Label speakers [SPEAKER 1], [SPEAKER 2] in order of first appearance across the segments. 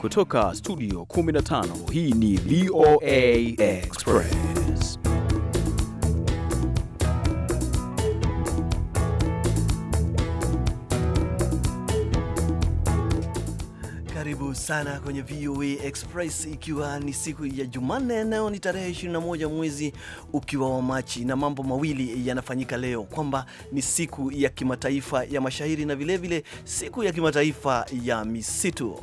[SPEAKER 1] Kutoka studio 15 hii ni VOA Express.
[SPEAKER 2] Karibu sana kwenye VOA Express, ikiwa ni siku ya Jumanne, nayo ni tarehe 21 mwezi ukiwa wa Machi, na mambo mawili yanafanyika leo, kwamba ni siku ya kimataifa ya mashairi na vilevile vile siku ya kimataifa ya misitu.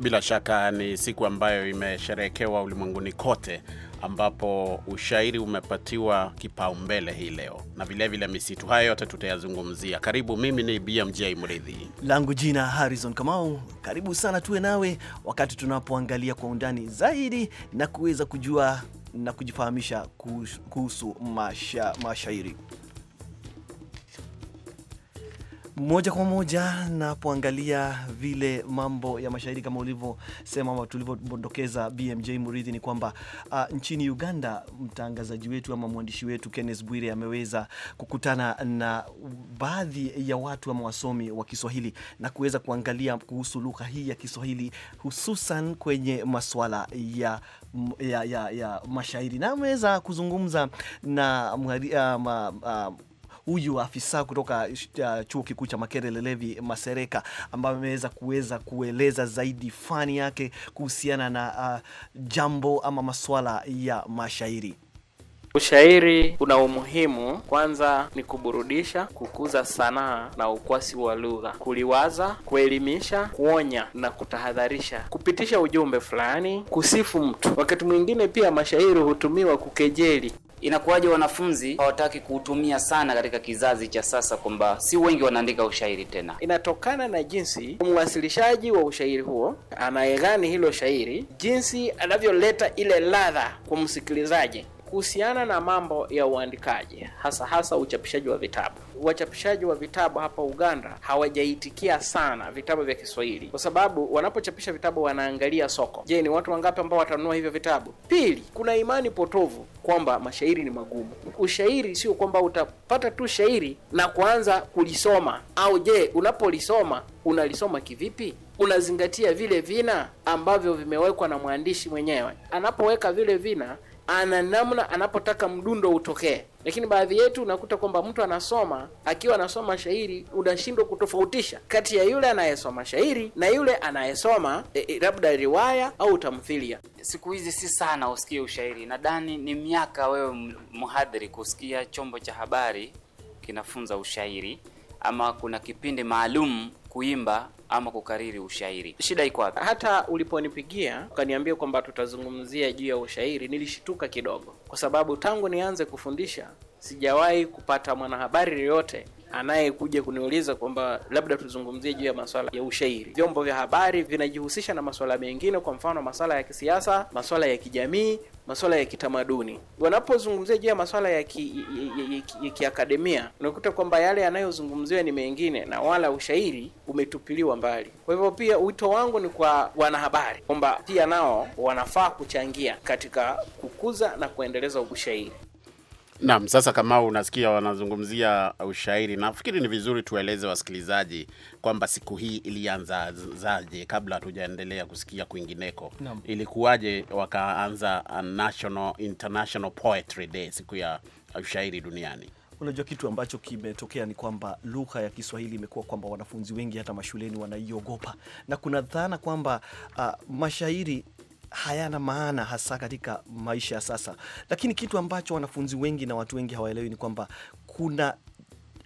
[SPEAKER 3] Bila shaka ni siku ambayo imesherehekewa ulimwenguni kote ambapo ushairi umepatiwa kipaumbele hii leo, na vilevile misitu. Hayo yote tutayazungumzia. Karibu, mimi ni BMJ Mridhi,
[SPEAKER 2] langu jina Harrison Kamau. Karibu sana tuwe nawe wakati tunapoangalia kwa undani zaidi na kuweza kujua na kujifahamisha kuhusu masha, mashairi moja kwa moja napoangalia vile mambo ya mashairi kama ulivyosema ama tulivyodokeza BMJ Muridhi, ni kwamba uh, nchini Uganda mtangazaji wetu ama mwandishi wetu Kenneth Bwire ameweza kukutana na baadhi ya watu ama wasomi wa Kiswahili na kuweza kuangalia kuhusu lugha hii ya Kiswahili hususan kwenye maswala ya, ya, ya, ya mashairi na ameweza kuzungumza na uh, huyu afisa kutoka uh, chuo kikuu cha Makerere Levi Masereka ambaye ameweza kuweza kueleza zaidi fani yake kuhusiana na uh, jambo ama masuala ya mashairi.
[SPEAKER 4] Ushairi una umuhimu kwanza, ni kuburudisha, kukuza sanaa na ukwasi wa lugha, kuliwaza, kuelimisha, kuonya na kutahadharisha, kupitisha ujumbe fulani, kusifu mtu. Wakati mwingine pia mashairi hutumiwa kukejeli inakuwaje wanafunzi
[SPEAKER 5] hawataki kuutumia sana katika kizazi cha sasa, kwamba si wengi wanaandika ushairi tena?
[SPEAKER 4] Inatokana na jinsi mwasilishaji wa ushairi huo anaegani hilo shairi, jinsi anavyoleta ile ladha kwa msikilizaji kuhusiana na mambo ya uandikaji hasa hasa uchapishaji wa vitabu. Wachapishaji wa vitabu hapa Uganda hawajaitikia sana vitabu vya Kiswahili kwa sababu wanapochapisha vitabu wanaangalia soko. Je, ni watu wangapi ambao watanunua hivyo vitabu? Pili, kuna imani potovu kwamba mashairi ni magumu. Ushairi sio kwamba utapata tu shairi na kuanza kulisoma, au je, unapolisoma unalisoma kivipi? Unazingatia vile vina ambavyo vimewekwa na mwandishi mwenyewe. Anapoweka vile vina ana namna anapotaka mdundo utokee, lakini baadhi yetu unakuta kwamba mtu anasoma, akiwa anasoma shairi unashindwa kutofautisha kati ya yule anayesoma shairi na yule anayesoma e, e labda riwaya au tamthilia. Siku hizi si sana usikie ushairi, nadhani ni miaka wewe mhadhiri kusikia
[SPEAKER 5] chombo cha habari kinafunza ushairi, ama kuna kipindi maalum
[SPEAKER 4] kuimba ama kukariri ushairi. Shida iko wapi? Hata uliponipigia ukaniambia kwamba tutazungumzia juu ya ushairi, nilishtuka kidogo, kwa sababu tangu nianze kufundisha sijawahi kupata mwanahabari yoyote anayekuja kuniuliza kwamba labda tuzungumzie juu ya masuala ya ushairi. Vyombo vya habari vinajihusisha na masuala mengine, kwa mfano masuala ya kisiasa, masuala ya kijamii, masuala ya kitamaduni. Wanapozungumzia juu ya masuala ya kiakademia ya ya, ya ki unakuta kwamba yale yanayozungumziwa ni mengine na wala ushairi umetupiliwa mbali. Kwa hivyo, pia wito wangu ni kwa wanahabari kwamba pia nao wanafaa kuchangia katika kukuza na kuendeleza ushairi.
[SPEAKER 3] Naam, sasa kama unasikia wanazungumzia ushairi, nafikiri ni vizuri tueleze wasikilizaji kwamba siku hii ilianza zaje, kabla hatujaendelea kusikia kwingineko. Ilikuwaje wakaanza National International Poetry Day, siku ya ushairi duniani?
[SPEAKER 2] Unajua, kitu ambacho kimetokea ni kwamba lugha ya Kiswahili imekuwa kwamba wanafunzi wengi hata mashuleni wanaiogopa, na kuna dhana kwamba uh, mashairi hayana maana hasa katika maisha ya sasa, lakini kitu ambacho wanafunzi wengi na watu wengi hawaelewi ni kwamba kuna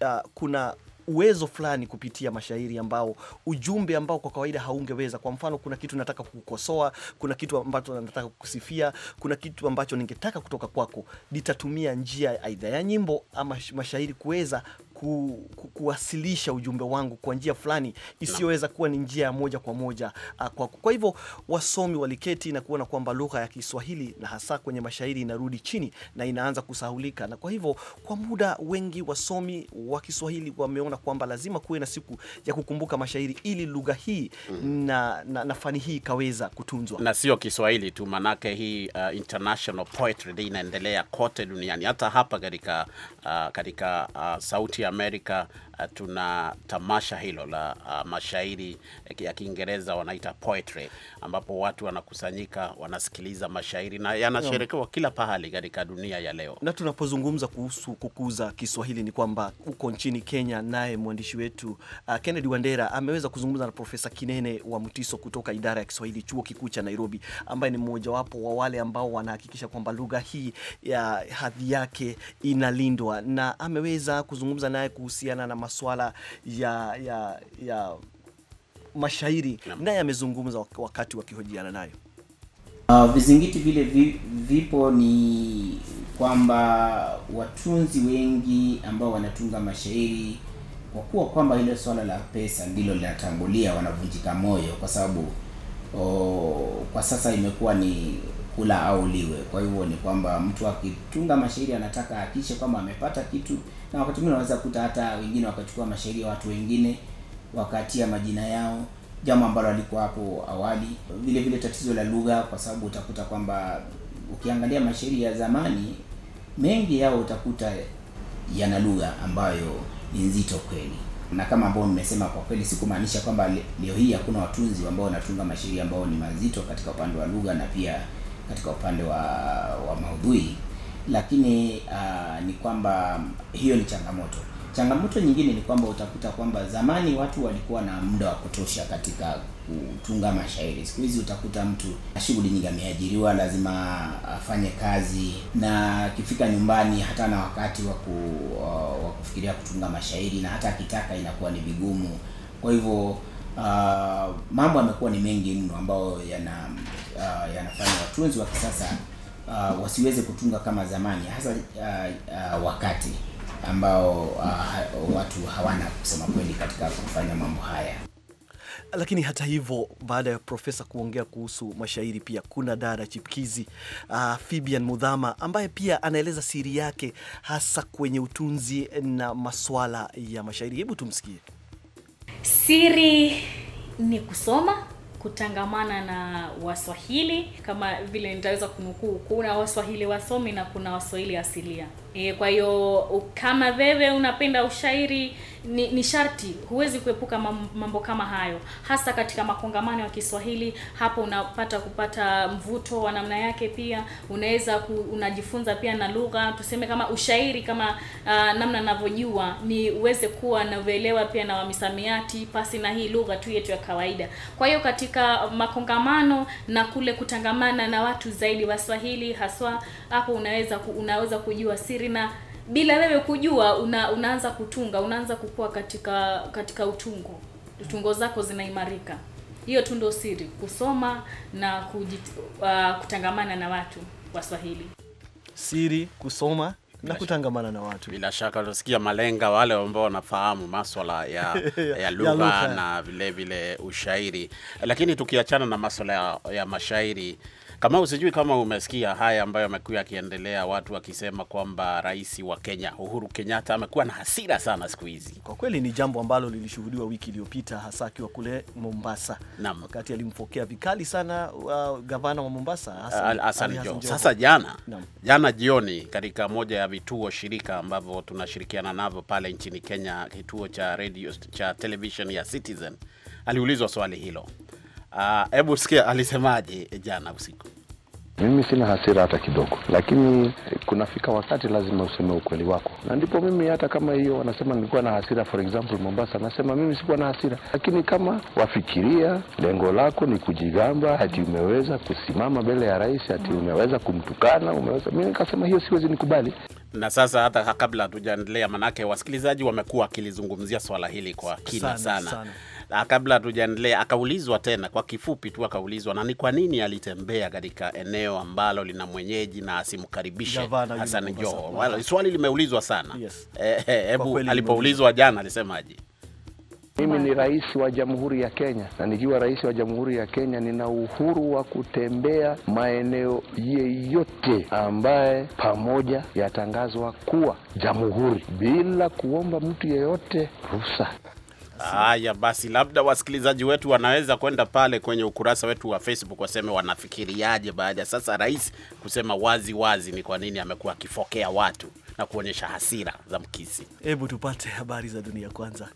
[SPEAKER 2] uh, kuna uwezo fulani kupitia mashairi ambao ujumbe ambao kwa kawaida haungeweza. Kwa mfano, kuna kitu nataka kukosoa, kuna kitu ambacho nataka kusifia kuna kitu ambacho ningetaka kutoka kwako, nitatumia njia aidha ya nyimbo ama mashairi kuweza ku, ku, kuwasilisha ujumbe wangu kwa njia fulani isiyoweza kuwa ni njia ya moja kwa moja ah, kwa kwa hivyo wasomi waliketi na kuona kwamba lugha ya Kiswahili na hasa kwenye mashairi inarudi chini na inaanza kusahulika, na kwa hivyo kwa muda wengi wasomi wa Kiswahili wameona kwamba lazima kuwe na siku ya kukumbuka mashairi ili lugha hii mm. na, na, na fani hii ikaweza kutunzwa, na
[SPEAKER 3] sio Kiswahili tu, manake hii uh, international poetry inaendelea kote duniani, hata hapa katika uh, katika uh, sauti Amerika uh, tuna tamasha hilo la uh, mashairi eh, ya Kiingereza wanaita poetry, ambapo watu wanakusanyika wanasikiliza mashairi na yanasherekewa kila pahali katika dunia ya leo.
[SPEAKER 2] Na tunapozungumza kuhusu kukuza Kiswahili ni kwamba huko nchini Kenya, naye mwandishi wetu uh, Kennedy Wandera ameweza kuzungumza na Profesa Kinene wa mtiso kutoka idara ya Kiswahili chuo kikuu cha Nairobi, ambaye ni mmojawapo wa wale ambao wanahakikisha kwamba lugha hii ya hadhi yake inalindwa na ameweza kuzungumza naye kuhusiana na maswala ya, ya, ya mashairi naye amezungumza wakati wakihojiana nayo
[SPEAKER 5] Uh, ah, vizingiti vile vi, vipo ni kwamba watunzi wengi ambao wanatunga mashairi kwa kuwa kwamba ile swala la pesa ndilo linatangulia, wanavunjika moyo kwa sababu oh, kwa sasa imekuwa ni kula au liwe. Kwa hivyo ni kwamba mtu akitunga mashairi anataka akishe kwamba amepata kitu na wakati mwingine unaweza kuta hata wengine wakachukua mashairi ya watu wengine wakatia majina yao, jambo ambalo alikuwa hapo awali. Vile vile tatizo la lugha, kwa sababu utakuta kwamba ukiangalia mashairi ya zamani mengi yao utakuta yana lugha ambayo ni nzito kweli, na kama ambao nimesema, kwa kweli sikumaanisha kwamba leo hii hakuna watunzi ambao wanatunga mashairi ambao ni mazito katika upande wa lugha na pia katika upande wa, wa maudhui lakini uh, ni kwamba hiyo ni changamoto. Changamoto nyingine ni kwamba utakuta kwamba zamani watu walikuwa na muda wa kutosha katika kutunga mashairi. Siku hizi utakuta mtu shughuli nyingi, ameajiriwa, lazima afanye kazi, na akifika nyumbani hata na wakati wa waku, uh, kufikiria kutunga mashairi, na hata akitaka inakuwa ni vigumu. Kwa hivyo uh, mambo yamekuwa ni mengi mno ambayo yana uh, yanafanya watunzi wa kisasa uh, wasiweze kutunga kama zamani, hasa uh, uh, wakati ambao uh, watu hawana kusema kweli katika kufanya mambo haya.
[SPEAKER 2] Lakini hata hivyo, baada ya profesa kuongea kuhusu mashairi, pia kuna dada chipkizi uh, Fibian Mudhama ambaye pia anaeleza siri yake hasa kwenye utunzi na maswala ya mashairi. Hebu tumsikie.
[SPEAKER 6] Siri ni kusoma kutangamana na Waswahili kama vile nitaweza kunukuu, kuna Waswahili wasomi na kuna Waswahili asilia. E, kwa hiyo kama wewe unapenda ushairi ni, ni sharti huwezi kuepuka mambo kama hayo, hasa katika makongamano ya Kiswahili. Hapo unapata kupata mvuto wa namna yake, pia unaweza unajifunza pia na lugha, tuseme kama ushairi kama uh, namna ninavyojua ni uweze kuwa navyoelewa pia na wamisamiati pasi na hii lugha tu yetu ya kawaida. Kwa hiyo katika makongamano na kule kutangamana na watu zaidi Waswahili haswa, hapo unaweza unaweza kujua siri vizuri na bila wewe kujua una, unaanza kutunga, unaanza kukua katika katika utungo. utungo zako zinaimarika. Hiyo tu ndo siri, kusoma na kujit, uh, kutangamana na watu Waswahili.
[SPEAKER 2] Siri, kusoma na kutangamana
[SPEAKER 3] na watu. Bila shaka utasikia malenga wale ambao wanafahamu maswala ya, ya lugha na vilevile vile ushairi, lakini tukiachana na maswala ya, ya mashairi kama sijui kama umesikia haya ambayo amekuwa akiendelea, watu wakisema kwamba rais wa Kenya Uhuru Kenyatta amekuwa na hasira sana siku hizi.
[SPEAKER 2] Kwa kweli ni jambo ambalo lilishuhudiwa wiki iliyopita, hasa akiwa kule Mombasa Naam. wakati alimpokea vikali sana uh, gavana wa Mombasa
[SPEAKER 3] Hassan, Joho. Sasa jana Naam. jana jioni katika moja ya vituo shirika ambavyo tunashirikiana navyo pale nchini Kenya, kituo cha radio cha television ya Citizen aliulizwa swali hilo. Ah, hebu uh, sikia alisemaje jana usiku.
[SPEAKER 2] Mimi sina hasira hata kidogo, lakini kunafika wakati lazima useme ukweli wako, na ndipo mimi hata kama hiyo wanasema nilikuwa na hasira, for example Mombasa, nasema mimi sikuwa na hasira,
[SPEAKER 3] lakini kama wafikiria lengo lako ni kujigamba hati umeweza kusimama
[SPEAKER 2] mbele ya rais, hati umeweza kumtukana, umeweza, mimi nikasema hiyo siwezi nikubali.
[SPEAKER 3] Na sasa hata kabla hatujaendelea, manake wasikilizaji wamekuwa wakilizungumzia swala hili kwa kina sana, sana. sana. Ah, kabla tujaendelea, akaulizwa tena kwa kifupi tu, akaulizwa na ni kwa nini alitembea katika eneo ambalo lina mwenyeji na asimkaribishe Hassan Joho. Swali limeulizwa sana, yes. Eh, eh, hebu e, alipoulizwa jana alisemaje? Mimi ni rais
[SPEAKER 2] wa Jamhuri ya Kenya, na nikiwa rais wa Jamhuri ya Kenya nina uhuru wa kutembea maeneo yeyote ambaye pamoja yatangazwa kuwa jamhuri bila kuomba mtu yeyote ruhusa.
[SPEAKER 3] Haya basi, labda wasikilizaji wetu wanaweza kwenda pale kwenye ukurasa wetu wa Facebook waseme wanafikiriaje baada ya sasa rais kusema wazi wazi ni kwa nini amekuwa akifokea watu na kuonyesha hasira za mkisi.
[SPEAKER 2] Hebu tupate habari za dunia kwanza.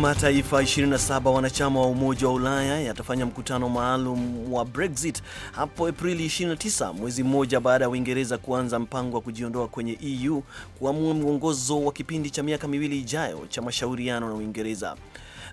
[SPEAKER 2] Mataifa 27 wanachama wa Umoja wa Ulaya yatafanya mkutano maalum wa Brexit hapo Aprili 29, mwezi mmoja baada ya Uingereza kuanza mpango wa kujiondoa kwenye EU, kuamua mwongozo wa kipindi cha miaka miwili ijayo cha mashauriano na Uingereza.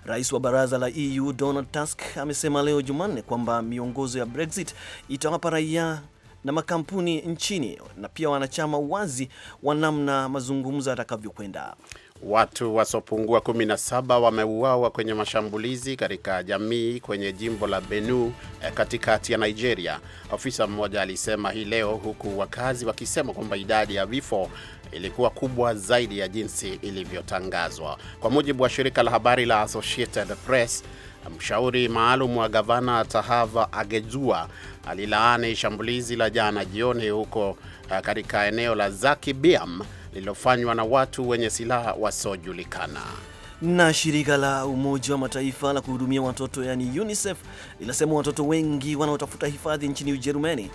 [SPEAKER 2] Rais wa baraza la EU Donald Tusk amesema leo Jumanne kwamba miongozo ya Brexit itawapa raia na
[SPEAKER 3] makampuni nchini na pia wanachama uwazi wa namna mazungumzo yatakavyokwenda. Watu wasiopungua 17 wameuawa kwenye mashambulizi katika jamii kwenye jimbo la benu eh, katikati ya Nigeria, ofisa mmoja alisema hii leo, huku wakazi wakisema kwamba idadi ya vifo ilikuwa kubwa zaidi ya jinsi ilivyotangazwa. Kwa mujibu wa shirika la habari la Associated Press, mshauri maalum wa gavana Tahava Agejua alilaani shambulizi la jana jioni huko eh, katika eneo la Zaki Biam lililofanywa na watu wenye silaha wasiojulikana.
[SPEAKER 2] Na shirika la Umoja wa Mataifa la kuhudumia watoto yani UNICEF linasema watoto wengi wanaotafuta hifadhi nchini Ujerumani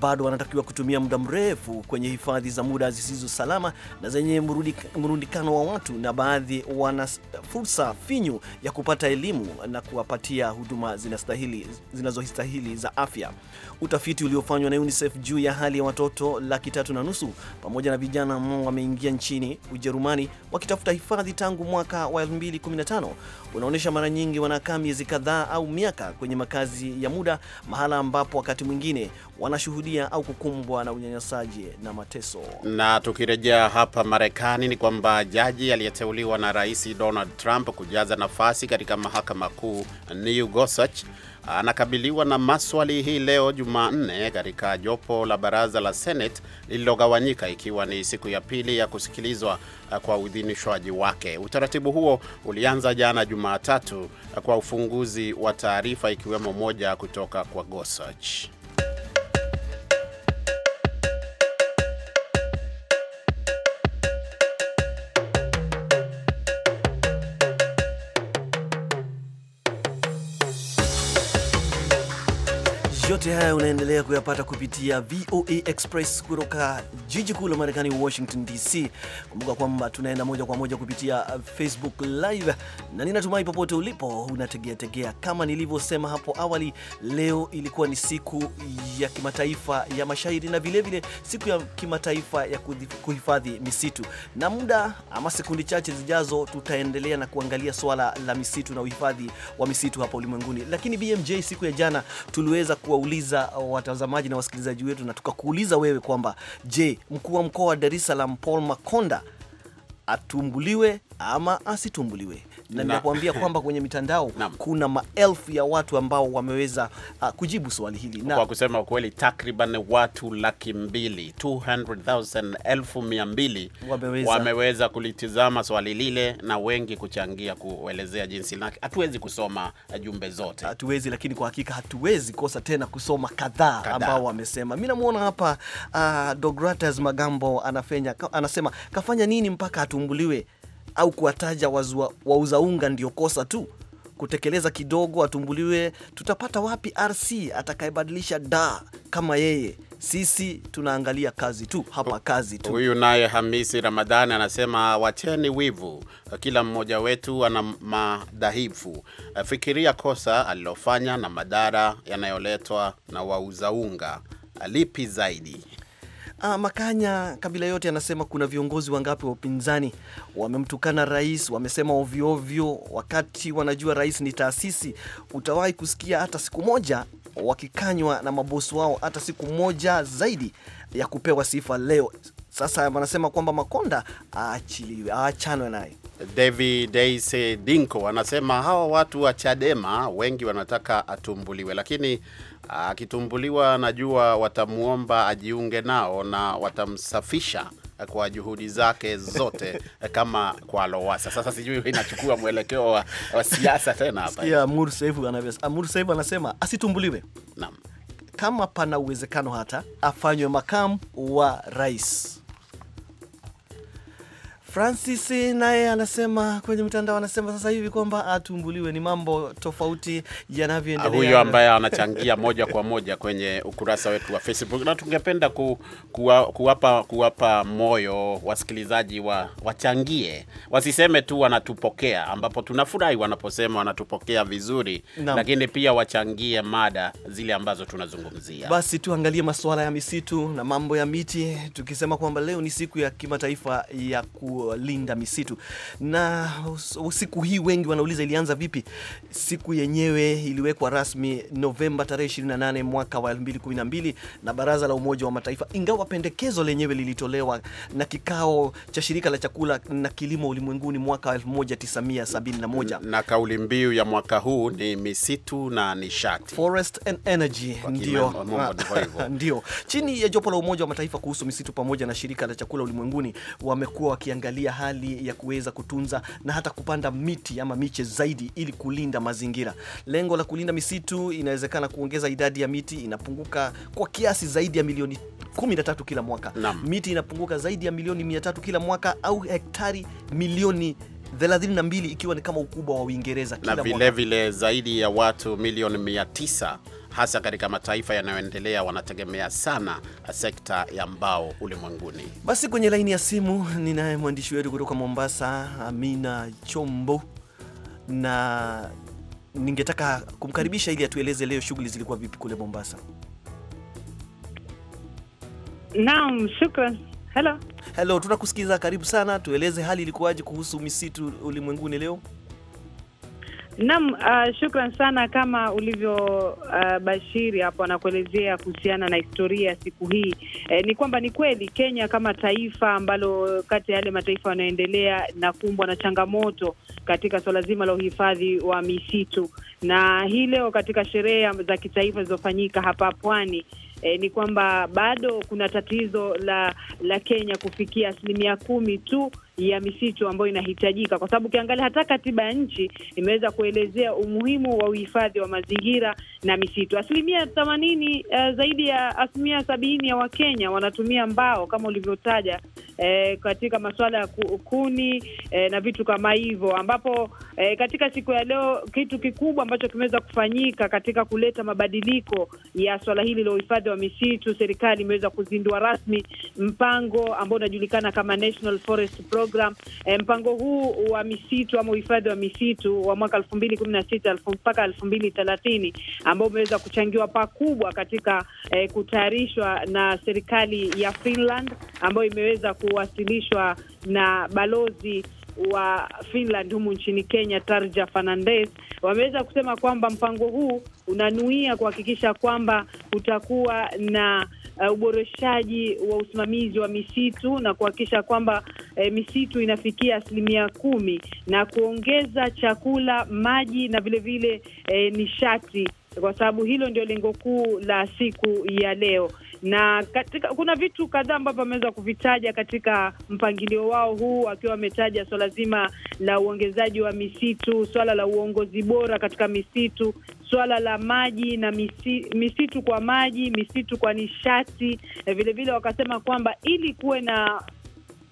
[SPEAKER 2] bado wanatakiwa kutumia muda mrefu kwenye hifadhi za muda zisizo salama na zenye mrundikano wa watu, na baadhi wana fursa finyu ya kupata elimu na kuwapatia huduma zinastahili zinazostahili za afya. Utafiti uliofanywa na UNICEF juu ya hali ya watoto laki tatu na nusu pamoja na vijana wameingia nchini Ujerumani wakitafuta hifadhi tangu mwaka wa 2015 unaonyesha mara nyingi wanakaa miezi kadhaa au miaka kwenye makazi ya muda, mahala ambapo wakati mwingine wanashuhudia au kukumbwa na unyanyasaji na mateso.
[SPEAKER 3] Na tukirejea hapa Marekani, ni kwamba jaji aliyeteuliwa na Rais Donald Trump kujaza nafasi katika mahakama kuu Neil Gorsuch anakabiliwa na maswali hii leo Jumanne katika jopo la baraza la Senate lililogawanyika ikiwa ni siku ya pili ya kusikilizwa uh, kwa uidhinishwaji wake. Utaratibu huo ulianza jana Jumatatu uh, kwa ufunguzi wa taarifa ikiwemo moja kutoka kwa Gorsuch.
[SPEAKER 2] Yote haya unaendelea kuyapata kupitia VOA Express kutoka jiji kuu la Marekani, Washington DC. Kumbuka kwamba tunaenda moja kwa moja kupitia Facebook Live, na ninatumai popote ulipo unategeategea. Kama nilivyosema hapo awali, leo ilikuwa ni siku ya kimataifa ya mashairi na vilevile siku ya kimataifa ya kuhifadhi misitu, na muda ama sekundi chache zijazo tutaendelea na kuangalia swala la misitu na uhifadhi wa misitu hapa ulimwenguni. Lakini BMJ, siku ya jana tuliweza kuwa tukawauliza uh, watazamaji na wasikilizaji wetu na tukakuuliza wewe kwamba je, mkuu wa mkoa wa Dar es Salaam Paul Makonda atumbuliwe ama asitumbuliwe? na ninakuambia kwamba kwenye mitandao na kuna maelfu ya watu ambao wameweza uh, kujibu swali hili na kwa
[SPEAKER 3] kusema kweli takriban watu laki mbili 200,000 elfu mia mbili wameweza, wameweza kulitizama swali lile na wengi kuchangia kuelezea jinsi. lake Hatuwezi kusoma uh, jumbe zote,
[SPEAKER 2] hatuwezi, lakini kwa hakika hatuwezi kosa tena kusoma kadhaa ambao wamesema. Mi namwona hapa uh, Dogratas Magambo anafenya, anasema kafanya nini mpaka atumbuliwe au kuwataja wauza unga ndio kosa tu? Kutekeleza kidogo, atumbuliwe. Tutapata wapi RC atakayebadilisha da kama yeye? Sisi tunaangalia kazi tu hapa, kazi tu. Huyu
[SPEAKER 3] naye Hamisi Ramadhani anasema wacheni wivu, kila mmoja wetu ana madhaifu. Fikiria kosa alilofanya na madhara yanayoletwa na wauza unga, lipi zaidi?
[SPEAKER 2] Uh, Makanya kabila yote anasema kuna viongozi wangapi wa upinzani wamemtukana rais, wamesema ovyoovyo wakati wanajua rais ni taasisi. Utawahi kusikia hata siku moja wakikanywa na mabosi wao hata siku moja zaidi ya kupewa sifa leo? Sasa wanasema kwamba Makonda aachiliwe,
[SPEAKER 3] aachanwe naye. Devi Deise Dinko anasema hawa watu wa Chadema wengi wanataka atumbuliwe, lakini ah, akitumbuliwa, anajua watamuomba ajiunge nao na watamsafisha kwa juhudi zake zote kama kwa Lowasa. Sasa sijui inachukua mwelekeo wa, wa siasa tena hapa.
[SPEAKER 2] Sikia Amur Saifu anasema asitumbuliwe. Naam, kama pana uwezekano hata afanywe makamu wa rais. Francis naye anasema kwenye mtandao, anasema sasa hivi kwamba atumbuliwe, ni mambo tofauti yanavyoendelea. Huyo ambaye anachangia
[SPEAKER 3] moja kwa moja kwenye ukurasa wetu wa Facebook, na tungependa ku, kuwa, kuwapa, kuwapa moyo wasikilizaji wa, wachangie, wasiseme tu wanatupokea, ambapo tunafurahi wanaposema wanatupokea vizuri Nam. lakini pia wachangie mada zile ambazo tunazungumzia. Basi
[SPEAKER 2] tuangalie masuala ya misitu na mambo ya miti, tukisema kwamba leo ni siku ya kimataifa ya kuo kulinda misitu. Na siku hii wengi wanauliza ilianza vipi? Siku yenyewe iliwekwa rasmi Novemba tarehe 28 mwaka wa 2012 na Baraza la Umoja wa Mataifa, ingawa pendekezo lenyewe lilitolewa na kikao cha Shirika la Chakula na Kilimo Ulimwenguni mwaka 1971
[SPEAKER 3] na kauli mbiu ya mwaka huu ni misitu na nishati, forest
[SPEAKER 2] and energy. Ndio,
[SPEAKER 3] ndio, chini ya
[SPEAKER 2] jopo la Umoja wa Mataifa kuhusu misitu pamoja na Shirika la Chakula Ulimwenguni wamekuwa wakiangalia kuangalia hali ya kuweza kutunza na hata kupanda miti ama miche zaidi ili kulinda mazingira. Lengo la kulinda misitu inawezekana kuongeza idadi ya miti inapunguka kwa kiasi zaidi ya milioni 13 kila mwaka. Naam. Miti inapunguka zaidi ya milioni 300 kila mwaka au hektari milioni 32 ikiwa ni kama ukubwa wa Uingereza kila na vile
[SPEAKER 3] vile zaidi ya watu milioni 900 hasa katika mataifa yanayoendelea wanategemea sana sekta ya mbao ulimwenguni.
[SPEAKER 2] Basi kwenye laini ya simu ninaye mwandishi wetu kutoka Mombasa, Amina Chombo, na ningetaka kumkaribisha ili atueleze leo shughuli zilikuwa vipi kule Mombasa.
[SPEAKER 7] Naam, shukran. Hello.
[SPEAKER 2] Hello, tunakusikiza. Karibu sana, tueleze hali ilikuwaje kuhusu misitu ulimwenguni leo?
[SPEAKER 7] Naam, uh, shukran sana kama ulivyo uh, bashiri hapo anakuelezea kuhusiana na historia ya siku hii. eh, ni kwamba ni kweli Kenya kama taifa ambalo kati ya yale mataifa yanayoendelea na kumbwa na changamoto katika swala zima la uhifadhi wa misitu, na hii leo katika sherehe za kitaifa zilizofanyika hapa pwani eh, ni kwamba bado kuna tatizo la, la Kenya kufikia asilimia kumi tu ya misitu ambayo inahitajika, kwa sababu ukiangalia hata katiba ya nchi imeweza kuelezea umuhimu wa uhifadhi wa mazingira na misitu. Asilimia themanini, uh, zaidi ya asilimia sabini ya Wakenya wanatumia mbao kama ulivyotaja, eh, katika masuala ya kuni eh, na vitu kama hivyo, ambapo eh, katika siku ya leo kitu kikubwa ambacho kimeweza kufanyika katika kuleta mabadiliko ya swala hili la uhifadhi wa misitu, serikali imeweza kuzindua rasmi mpango ambao unajulikana kama National Forest Program program e, mpango huu wa misitu ama uhifadhi wa misitu wa mwaka elfu mbili kumi na sita mpaka elfu mbili thelathini ambao umeweza kuchangiwa pakubwa katika e, kutayarishwa na serikali ya Finland ambayo imeweza kuwasilishwa na balozi wa Finland humu nchini Kenya, Tarja Fernandes, wameweza kusema kwamba mpango huu unanuia kuhakikisha kwamba kutakuwa na uh, uboreshaji wa usimamizi wa misitu na kuhakikisha kwamba eh, misitu inafikia asilimia kumi na kuongeza chakula, maji na vilevile eh, nishati kwa sababu hilo ndio lengo kuu la siku ya leo na katika, kuna vitu kadhaa ambavyo wameweza kuvitaja katika mpangilio wao huu, akiwa wametaja swala zima la uongezaji wa misitu, swala la uongozi bora katika misitu, swala la maji na misi, misitu kwa maji, misitu kwa nishati, vilevile vilevile wakasema kwamba ili kuwe na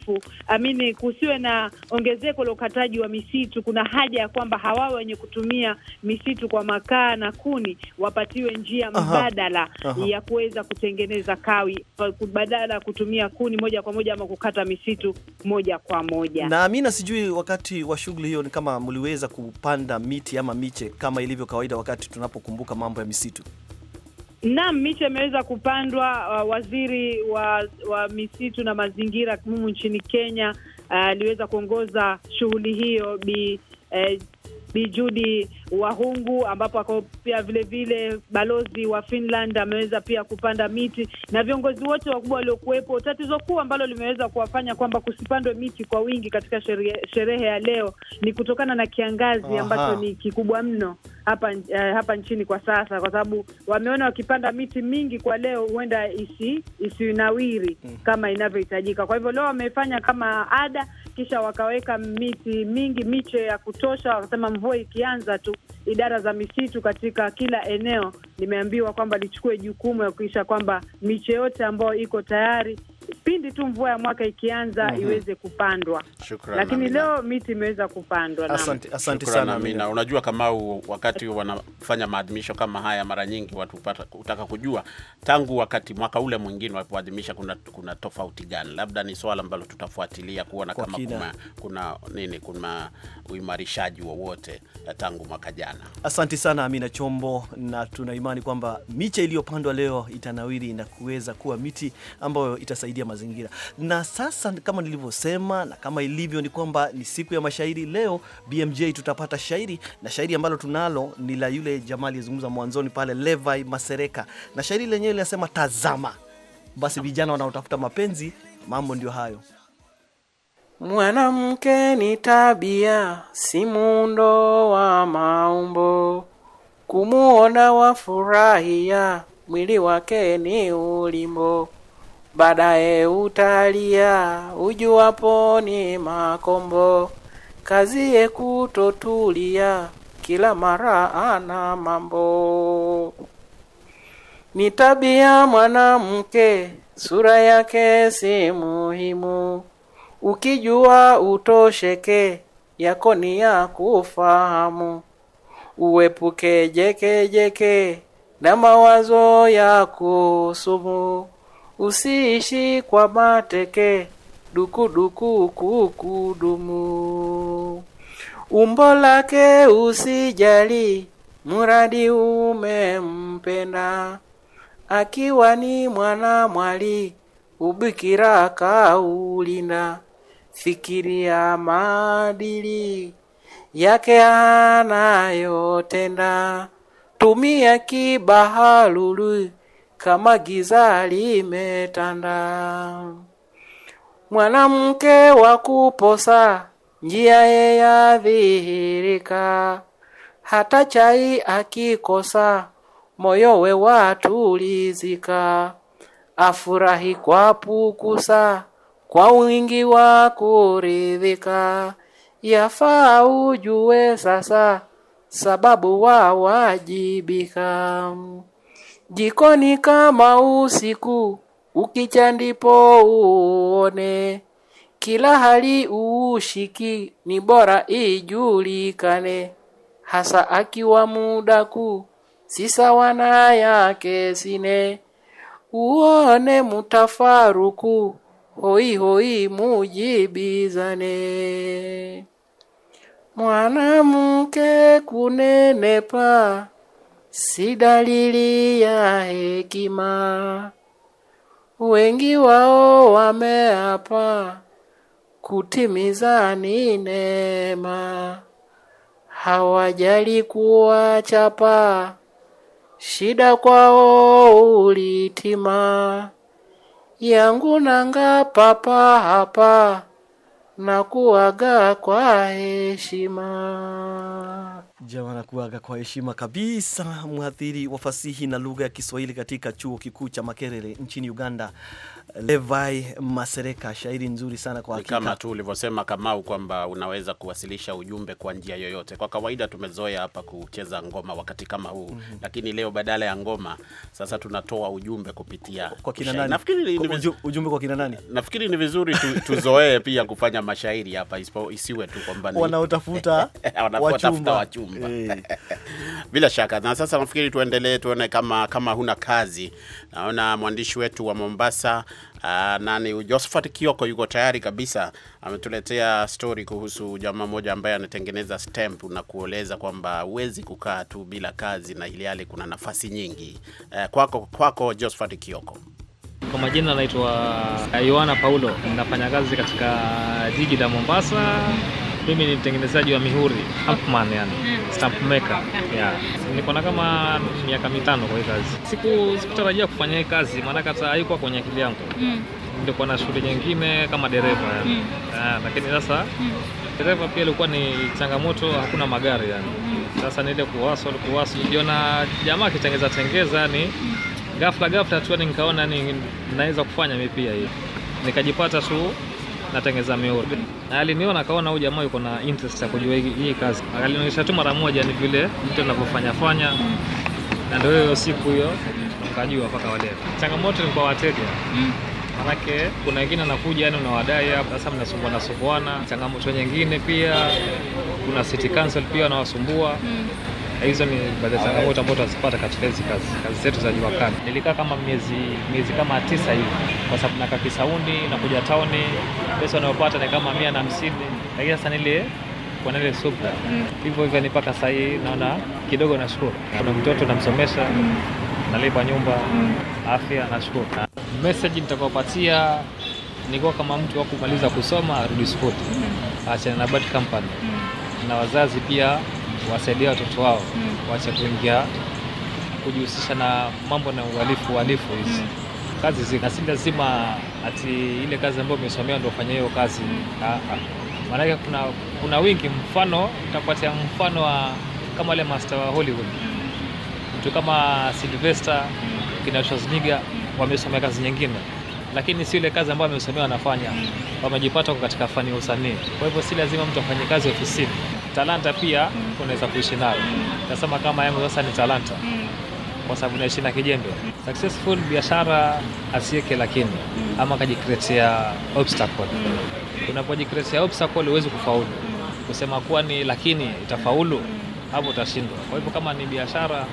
[SPEAKER 7] halafu amini, kusiwe na ongezeko la ukataji wa misitu. Kuna haja ya kwamba hawa wenye kutumia misitu kwa makaa na kuni wapatiwe njia mbadala Aha. ya kuweza kutengeneza kawi badala ya kutumia kuni moja kwa moja ama kukata misitu moja kwa moja.
[SPEAKER 2] Na Amina, sijui wakati wa shughuli hiyo ni kama mliweza kupanda miti ama miche kama ilivyo kawaida wakati tunapokumbuka mambo ya misitu.
[SPEAKER 7] Naam, miche imeweza kupandwa. Uh, waziri wa, wa misitu na mazingira humu nchini Kenya uh, aliweza uh, kuongoza shughuli hiyo bi eh, Bi Wahungu, ambapo ako pia vilevile balozi wa Finland ameweza pia kupanda miti na viongozi wote wakubwa waliokuwepo. Tatizo kuu ambalo limeweza kuwafanya kwamba kusipandwe miti kwa wingi katika sherehe ya leo ni kutokana na kiangazi ambacho ni kikubwa mno hapa uh, hapa nchini kwa sasa, kwa sababu wameona wakipanda miti mingi kwa leo huenda isi isinawiri mm. kama inavyohitajika. Kwa hivyo leo wamefanya kama ada, kisha wakaweka miti mingi, miche ya kutosha. Wakasema mvua ikianza tu, idara za misitu katika kila eneo limeambiwa kwamba lichukue jukumu ya kuisha kwamba miche yote ambayo iko tayari pindi tu mvua ya mwaka ikianza mm -hmm. iweze kupandwa
[SPEAKER 3] Shukran, lakini amina.
[SPEAKER 7] Leo miti imeweza kupandwa. Asante,
[SPEAKER 3] asante sana Amina. Unajua kama wakati wanafanya maadhimisho kama haya, mara nyingi watu utaka kujua tangu wakati mwaka ule mwingine walipoadhimisha kuna, kuna tofauti gani? Labda ni swala ambalo tutafuatilia kuona kama kuna, kuna nini, kuna uimarishaji wowote eh, tangu mwaka jana.
[SPEAKER 2] Asante sana Amina Chombo, na tuna imani kwamba miche iliyopandwa leo itanawiri na kuweza kuwa miti ambayo itasaidia mazingira. Na sasa kama nilivyosema na kama ilivyo ni kwamba ni siku ya mashairi leo, BMJ tutapata shairi na shairi ambalo tunalo ni la yule jamaa aliyezungumza mwanzoni pale, Levi Masereka, na shairi lenyewe linasema tazama basi
[SPEAKER 4] vijana wanaotafuta mapenzi, mambo ndio hayo. Mwanamke ni tabia, si muundo wa maumbo.
[SPEAKER 8] Kumuona wafurahia, mwili wake ni ulimbo baadaye utalia, ujuwapo ni makombo. Kaziye kutotulia, kila mara ana mambo. Ni tabia mwanamke, sura yake si muhimu. Ukijua utosheke, yako ni ya kufahamu. Uepuke jekejeke na mawazo ya kusumu usiishi kwa mateke dukuduku kukudumu umbo lake usijali, muradi umempenda, akiwa ni mwana mwali, ubikira kaulinda. Fikiria maadili yake anayotenda, tumia kibahalulu kama giza limetanda. Mwanamke wa kuposa njia ye yadhihirika, hata chai akikosa moyo we watulizika. Afurahi kwa pukusa kwa wingi wa kuridhika, yafaa ujue sasa sababu wawajibika. Jikoni kama usiku, ukicha ndipo uone, kila hali uushiki, ni bora ijulikane, hasa akiwa muda kuu, si sawa na yake sine, uone mutafaruku, hoi hoi mujibizane, mwanamke kunenepa si dalili ya hekima. Wengi wao wameapa kutimiza ni neema, hawajali kuwachapa, shida kwao ulitima. Yangu nanga papa hapa na kuaga kwa heshima.
[SPEAKER 2] Jamaa anakuaga kwa heshima kabisa, mhadhiri wa fasihi na lugha ya Kiswahili katika chuo kikuu cha Makerere nchini Uganda, Levi Masereka, shairi nzuri sana kwa hakika. Kama
[SPEAKER 3] tu ulivyosema Kamau kwamba unaweza kuwasilisha ujumbe kwa njia yoyote. Kwa kawaida tumezoea hapa kucheza ngoma wakati kama huu mm -hmm. Lakini leo badala ya ngoma sasa tunatoa ujumbe kupitia kwa kina nani? Nafikiri ni
[SPEAKER 2] vizuri, ujumbe kwa kina nani?
[SPEAKER 3] Nafikiri ni vizuri tu, tuzoee pia kufanya mashairi hapa isiwe tu kwamba
[SPEAKER 2] wanaotafuta wachumba, wachumba.
[SPEAKER 3] Eh. Bila shaka. Na sasa nafikiri tuendelee, tuone kama kama huna kazi. Naona mwandishi wetu wa Mombasa Aa, ah, nani Josephat Kioko yuko tayari kabisa, ametuletea story kuhusu jamaa mmoja ambaye anatengeneza stamp na kueleza kwamba huwezi kukaa tu bila kazi na ili hali kuna nafasi nyingi. Aa, eh, kwako kwako Josephat Kioko.
[SPEAKER 9] Kwa majina anaitwa eh, Yohana Paulo, nafanya kazi katika jiji la Mombasa mimi ni mtengenezaji wa mihuri Upman, yani mm. stamp maker yeah. Niko na kama miaka mitano kwa hii kazi. Siku sikutarajia kufanya hii kazi, maana hata haikuwa kwenye akili yangu mm. Nilikuwa na shughuli nyingine kama dereva yani. mm. Ah, lakini sasa mm. dereva pia ilikuwa ni changamoto, hakuna magari yani mm. Sasa nile kuwaso kuwaso, niliona jamaa akitengeza tengeza yani mm. ghafla ghafla tu nikaona ni naweza kufanya mimi pia hii, nikajipata tu natengeza miuri. Aliniona akaona huyu jamaa yuko na interest ya kujua hii kazi, akalionyesha tu mara moja, ni vile mtu anavyofanya fanya, na ndio hiyo siku hiyo tukajua mpaka wale. Changamoto ni kwa wateja mm. Manake kuna wengine anakuja, yani unawadai hapa, sasa mnasumbuana sumbuana. Changamoto nyingine pia kuna city council pia wanawasumbua mm hizo ni baadhi ya changamoto ambazo tunazipata katika hizi kazi kazi zetu za jua kali. Nilikaa kama miezi miezi kama tisa hivi, kwa sababu nakaa Kisaundi na kuja tauni, pesa unayopata ni kama mia na hamsini, lakini sasa nile kwa ile subra mm. hivyo hivyo ni mpaka sasa hii naona kidogo, nashukuru. Kuna mtoto namsomesha, mm. nalipa nyumba, mm. afya, nashukuru. Message nitakayopatia nikuwa kama mtu wa kumaliza kusoma arudi sport, achana na bad company na wazazi pia kuwasaidia watoto wao mm. wache kuingia kujihusisha na mambo na uhalifu uhalifu hizi mm. kazi zi na si lazima ati ile kazi ambayo umesomea ndio ufanye hiyo kazi mm. Ah, ah. maanake kuna, kuna wingi. Mfano utapatia mfano wa kama wale master wa Hollywood mm. mtu kama Sylvester mm. kina Schwarzenegger mm. wamesomea kazi nyingine lakini si ile kazi ambayo wamesomewa wanafanya, mm. wamejipata katika fani ya usanii. Kwa hivyo si lazima mtu afanye kazi ofisini talanta pia unaweza kuishi nayo. Nasema kama yangu sasa ni talanta kwa sababu naishi na kijembe. Successful biashara asiweke lakini ama akajikreatia obstacle. unapojikretia obstacle huwezi kufaulu. Kusema kuwa ni lakini itafaulu, hapo utashindwa. Kwa hivyo kama ni biashara,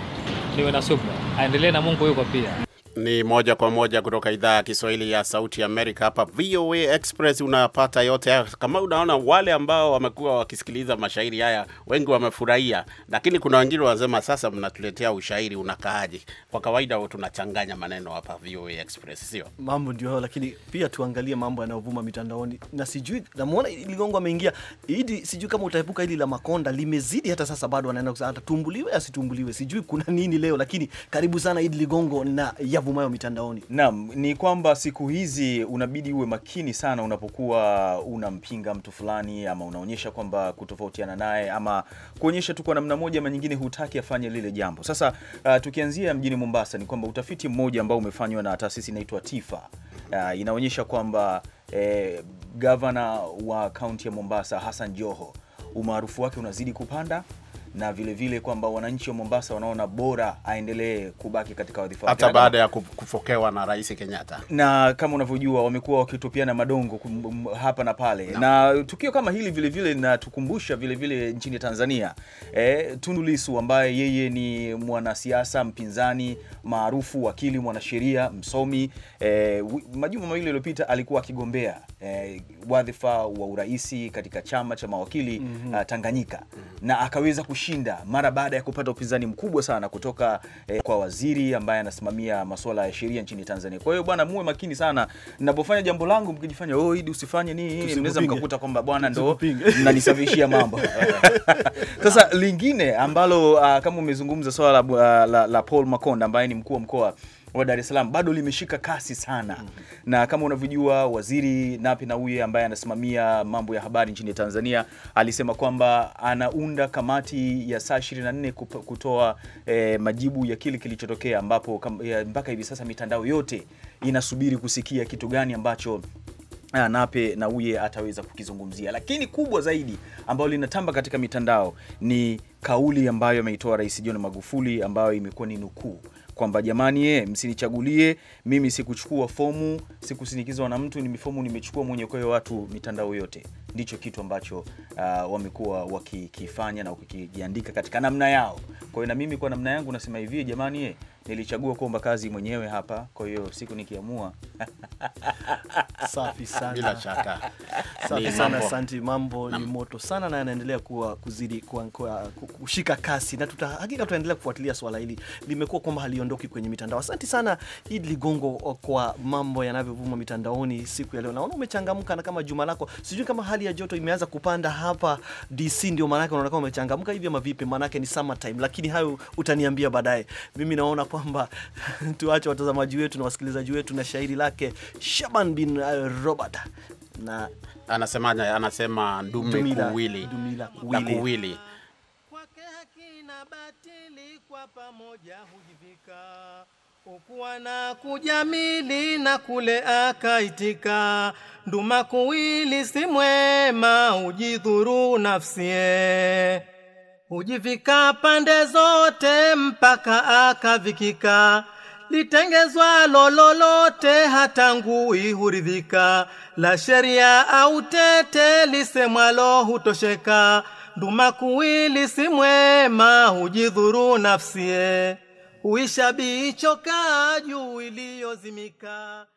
[SPEAKER 3] niwe na subra, aendelee na Mungu yuko pia ni moja kwa moja kutoka idhaa ya Kiswahili ya Sauti ya Amerika hapa VOA Express. Unapata yote haya. Kama unaona wale ambao wamekuwa wakisikiliza mashairi haya, wengi wamefurahia, lakini kuna wengine wanasema, sasa mnatuletea ushairi unakaaje? Kwa kawaida tunachanganya maneno hapa VOA Express, sio mambo ndio
[SPEAKER 2] hayo, lakini pia tuangalie mambo yanayovuma mitandaoni, na sijui namuona Ligongo ameingia Idi, sijui kama utaepuka hili la Makonda limezidi hata sasa, bado anaenda kusema atumbuliwe asitumbuliwe, sijui kuna
[SPEAKER 1] nini leo, lakini karibu sana Idi Ligongo na ya yavumayo mitandaoni. Naam, ni kwamba siku hizi unabidi uwe makini sana unapokuwa unampinga mtu fulani ama unaonyesha kwamba kutofautiana naye ama kuonyesha tu kwa namna moja ama nyingine hutaki afanye lile jambo. Sasa uh, tukianzia mjini Mombasa ni kwamba utafiti mmoja ambao umefanywa na taasisi inaitwa Tifa uh, inaonyesha kwamba eh, gavana wa kaunti ya Mombasa Hassan Joho umaarufu wake unazidi kupanda na vilevile kwamba wananchi wa Mombasa wanaona bora aendelee kubaki katika wadhifa hata baada ya kufokewa na Rais Kenyatta. Na kama unavyojua wamekuwa wakitupiana madongo hapa na pale na, Na tukio kama hili vilevile linatukumbusha vile nchini Tanzania e, Tundu Lissu ambaye yeye ni mwanasiasa mpinzani maarufu, wakili, mwanasheria, msomi e, majuma mawili yaliyopita alikuwa akigombea e, wadhifa wa uraisi katika chama cha mawakili mm -hmm. Tanganyika mm -hmm. na akaweza kushinda mara baada ya kupata upinzani mkubwa sana kutoka eh, kwa waziri ambaye anasimamia masuala ya sheria nchini Tanzania. Kwa hiyo bwana, muwe makini sana ninapofanya jambo langu, mkijifanya oh, hidi usifanye nini, mnaweza mkakuta kwamba bwana ndo mnanisafishia mambo sasa lingine ambalo uh, kama umezungumza swala la, ah, la, la Paul Makonda ambaye ni mkuu wa mkoa wa Dar es Salaam bado limeshika kasi sana mm -hmm. na kama unavyojua waziri Nape Nnauye ambaye anasimamia mambo ya habari nchini Tanzania alisema kwamba anaunda kamati ya saa 24 kutoa eh, majibu ya kile kilichotokea, ambapo mpaka hivi sasa mitandao yote inasubiri kusikia kitu gani ambacho ah, Nape Nnauye ataweza kukizungumzia, lakini kubwa zaidi ambayo linatamba katika mitandao ni kauli ambayo ameitoa Rais John Magufuli ambayo imekuwa ni nukuu kwamba jamani, ye, eh, msinichagulie mimi, sikuchukua fomu, sikusinikizwa na mtu, ni fomu nimechukua mwenye Kwa watu mitandao yote ndicho kitu ambacho uh, wamekuwa wakikifanya na wakikiandika katika namna yao. Kwa hiyo na mimi kwa namna yangu nasema hivi jamani, ye, eh, nilichagua kuomba kazi mwenyewe hapa, kwa hiyo siku nikiamua. Safi sana, bila shaka safi sana.
[SPEAKER 2] Asante, mambo ni moto sana na yanaendelea kuwa kuzidi kwa, kwa, kushika kasi na tuta, hakika tutaendelea kufuatilia swala hili, limekuwa kwamba haliondoki kwenye mitandao. Asante sana Idi Ligongo kwa mambo yanavyovuma mitandaoni siku ya leo. Naona umechangamka na kama juma lako sijui kama hali hali ya joto imeanza kupanda hapa DC, ndio maanake unaona kama umechangamka hivi ama vipi? Maanake ni summer time, lakini hayo utaniambia baadaye. Mimi naona kwamba tuache watazamaji wetu na wasikilizaji wetu na shairi lake Shaban bin uh, Robert
[SPEAKER 3] na anasema Anasema ndume kuwili na kuwili kwake hakina batili kwa
[SPEAKER 1] pamoja hujivika okuwa na kujamili na kule akaitika nduma kuwili si mwema ujidhuru nafsie hujivika pande zote mpaka akavikika litengezwa lololote hata ngui huridhika la sheria au tete lisemwalo hutosheka nduma kuwili si mwema hujidhuru nafsie huisha bichoka
[SPEAKER 2] juu iliyozimika.